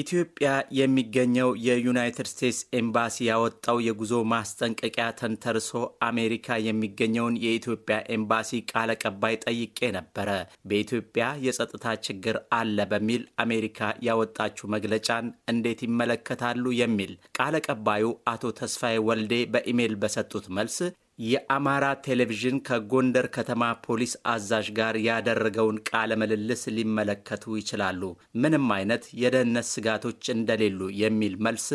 ኢትዮጵያ የሚገኘው የዩናይትድ ስቴትስ ኤምባሲ ያወጣው የጉዞ ማስጠንቀቂያ ተንተርሶ አሜሪካ የሚገኘውን የኢትዮጵያ ኤምባሲ ቃል አቀባይ ጠይቄ ነበረ። በኢትዮጵያ የጸጥታ ችግር አለ በሚል አሜሪካ ያወጣችው መግለጫን እንዴት ይመለከታሉ? የሚል ቃል አቀባዩ አቶ ተስፋዬ ወልዴ በኢሜይል በሰጡት መልስ የአማራ ቴሌቪዥን ከጎንደር ከተማ ፖሊስ አዛዥ ጋር ያደረገውን ቃለ ምልልስ ሊመለከቱ ይችላሉ። ምንም አይነት የደህንነት ስጋቶች እንደሌሉ የሚል መልስ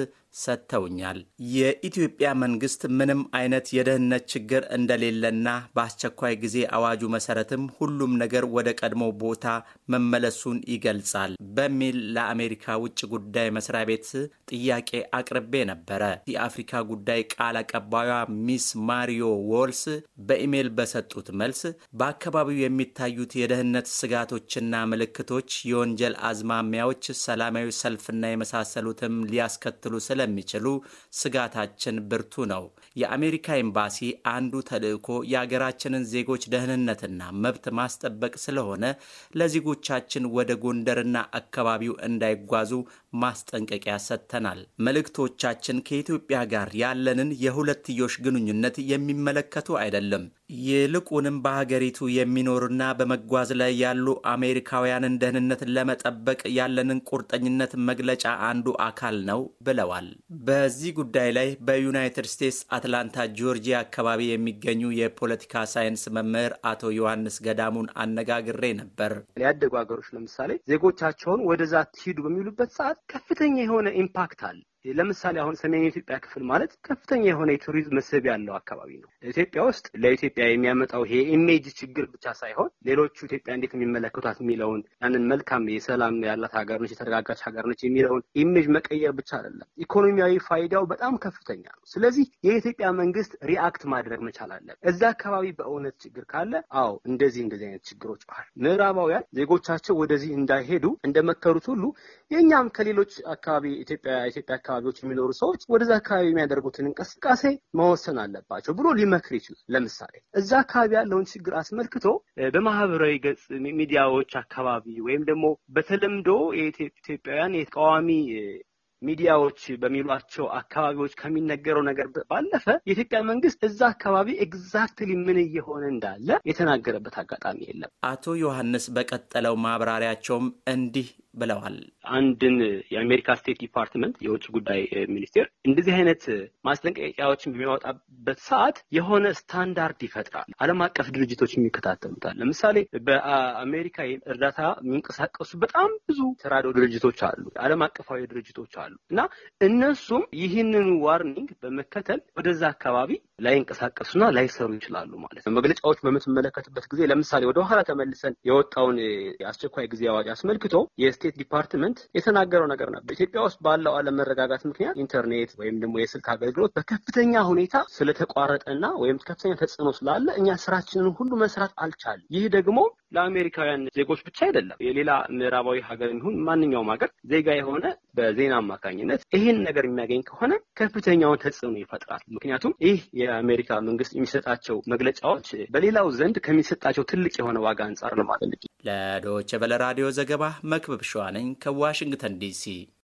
ሰጥተውኛል። የኢትዮጵያ መንግስት ምንም አይነት የደህንነት ችግር እንደሌለና በአስቸኳይ ጊዜ አዋጁ መሰረትም ሁሉም ነገር ወደ ቀድሞ ቦታ መመለሱን ይገልጻል በሚል ለአሜሪካ ውጭ ጉዳይ መስሪያ ቤት ጥያቄ አቅርቤ ነበረ። የአፍሪካ ጉዳይ ቃል አቀባዩዋ ሚስ ማሪዮ ዎልስ በኢሜይል በሰጡት መልስ በአካባቢው የሚታዩት የደህንነት ስጋቶችና ምልክቶች፣ የወንጀል አዝማሚያዎች፣ ሰላማዊ ሰልፍና የመሳሰሉትም ሊያስከትሉ ስለ ስለሚችሉ ስጋታችን ብርቱ ነው። የአሜሪካ ኤምባሲ አንዱ ተልዕኮ የአገራችንን ዜጎች ደህንነትና መብት ማስጠበቅ ስለሆነ ለዜጎቻችን ወደ ጎንደርና አካባቢው እንዳይጓዙ ማስጠንቀቂያ ሰጥተናል። መልእክቶቻችን ከኢትዮጵያ ጋር ያለንን የሁለትዮሽ ግንኙነት የሚመለከቱ አይደለም። ይልቁንም በሀገሪቱ የሚኖሩና በመጓዝ ላይ ያሉ አሜሪካውያንን ደህንነት ለመጠበቅ ያለንን ቁርጠኝነት መግለጫ አንዱ አካል ነው ብለዋል። በዚህ ጉዳይ ላይ በዩናይትድ ስቴትስ አትላንታ ጆርጂያ አካባቢ የሚገኙ የፖለቲካ ሳይንስ መምህር አቶ ዮሐንስ ገዳሙን አነጋግሬ ነበር። ያደጉ ሀገሮች ለምሳሌ ዜጎቻቸውን ወደዛ ትሂዱ በሚሉበት ሰዓት ከፍተኛ የሆነ ኢምፓክት አለ። ለምሳሌ አሁን ሰሜን የኢትዮጵያ ክፍል ማለት ከፍተኛ የሆነ የቱሪዝም መስህብ ያለው አካባቢ ነው። ኢትዮጵያ ውስጥ ለኢትዮጵያ የሚያመጣው ይሄ ኢሜጅ ችግር ብቻ ሳይሆን ሌሎቹ ኢትዮጵያ እንዴት የሚመለከቷት የሚለውን ያንን መልካም የሰላም ያላት ሀገር ነች፣ የተረጋጋች ሀገር ነች የሚለውን ኢሜጅ መቀየር ብቻ አይደለም፣ ኢኮኖሚያዊ ፋይዳው በጣም ከፍተኛ ነው። ስለዚህ የኢትዮጵያ መንግስት ሪአክት ማድረግ መቻል አለ። እዛ አካባቢ በእውነት ችግር ካለ አዎ፣ እንደዚህ እንደዚህ አይነት ችግሮች አሉ። ምዕራባውያን ዜጎቻቸው ወደዚህ እንዳይሄዱ እንደመከሩት ሁሉ የእኛም ከሌሎች አካባቢ ኢትዮጵያ ኢትዮጵያ አካባቢዎች የሚኖሩ ሰዎች ወደዛ አካባቢ የሚያደርጉትን እንቅስቃሴ መወሰን አለባቸው ብሎ ሊመክር ይችላል። ለምሳሌ እዛ አካባቢ ያለውን ችግር አስመልክቶ በማህበራዊ ገጽ ሚዲያዎች አካባቢ ወይም ደግሞ በተለምዶ ኢትዮጵያውያን የተቃዋሚ ሚዲያዎች በሚሏቸው አካባቢዎች ከሚነገረው ነገር ባለፈ የኢትዮጵያ መንግስት እዛ አካባቢ ኤግዛክትሊ ምን እየሆነ እንዳለ የተናገረበት አጋጣሚ የለም። አቶ ዮሐንስ በቀጠለው ማብራሪያቸውም እንዲህ ብለዋል። አንድን የአሜሪካ ስቴት ዲፓርትመንት የውጭ ጉዳይ ሚኒስቴር እንደዚህ አይነት ማስጠንቀቂያዎችን በሚያወጣበት ሰዓት የሆነ ስታንዳርድ ይፈጥራል። ዓለም አቀፍ ድርጅቶች የሚከታተሉታል። ለምሳሌ በአሜሪካ እርዳታ የሚንቀሳቀሱ በጣም ብዙ ተራድኦ ድርጅቶች አሉ፣ ዓለም አቀፋዊ ድርጅቶች አሉ እና እነሱም ይህንን ዋርኒንግ በመከተል ወደዛ አካባቢ ላይንቀሳቀሱና ላይሰሩ ይችላሉ ማለት ነው። መግለጫዎች በምትመለከትበት ጊዜ ለምሳሌ ወደ ኋላ ተመልሰን የወጣውን የአስቸኳይ ጊዜ አዋጅ አስመልክቶ የስቴት ዲፓርትመንት ፕሬዚዳንት የተናገረው ነገር ነበር። ኢትዮጵያ ውስጥ ባለው አለመረጋጋት ምክንያት ኢንተርኔት ወይም ደግሞ የስልክ አገልግሎት በከፍተኛ ሁኔታ ስለተቋረጠና ወይም ከፍተኛ ተጽዕኖ ስላለ እኛ ስራችንን ሁሉ መስራት አልቻል። ይህ ደግሞ ለአሜሪካውያን ዜጎች ብቻ አይደለም። የሌላ ምዕራባዊ ሀገር የሚሆን ማንኛውም ሀገር ዜጋ የሆነ በዜና አማካኝነት ይህን ነገር የሚያገኝ ከሆነ ከፍተኛውን ተጽዕኖ ይፈጥራል። ምክንያቱም ይህ የአሜሪካ መንግስት የሚሰጣቸው መግለጫዎች በሌላው ዘንድ ከሚሰጣቸው ትልቅ የሆነ ዋጋ አንጻር ነው ማለት ቬለ ራዲዮ ዘገባ መክበብ ሸዋነኝ ከዋሽንግተን ዲሲ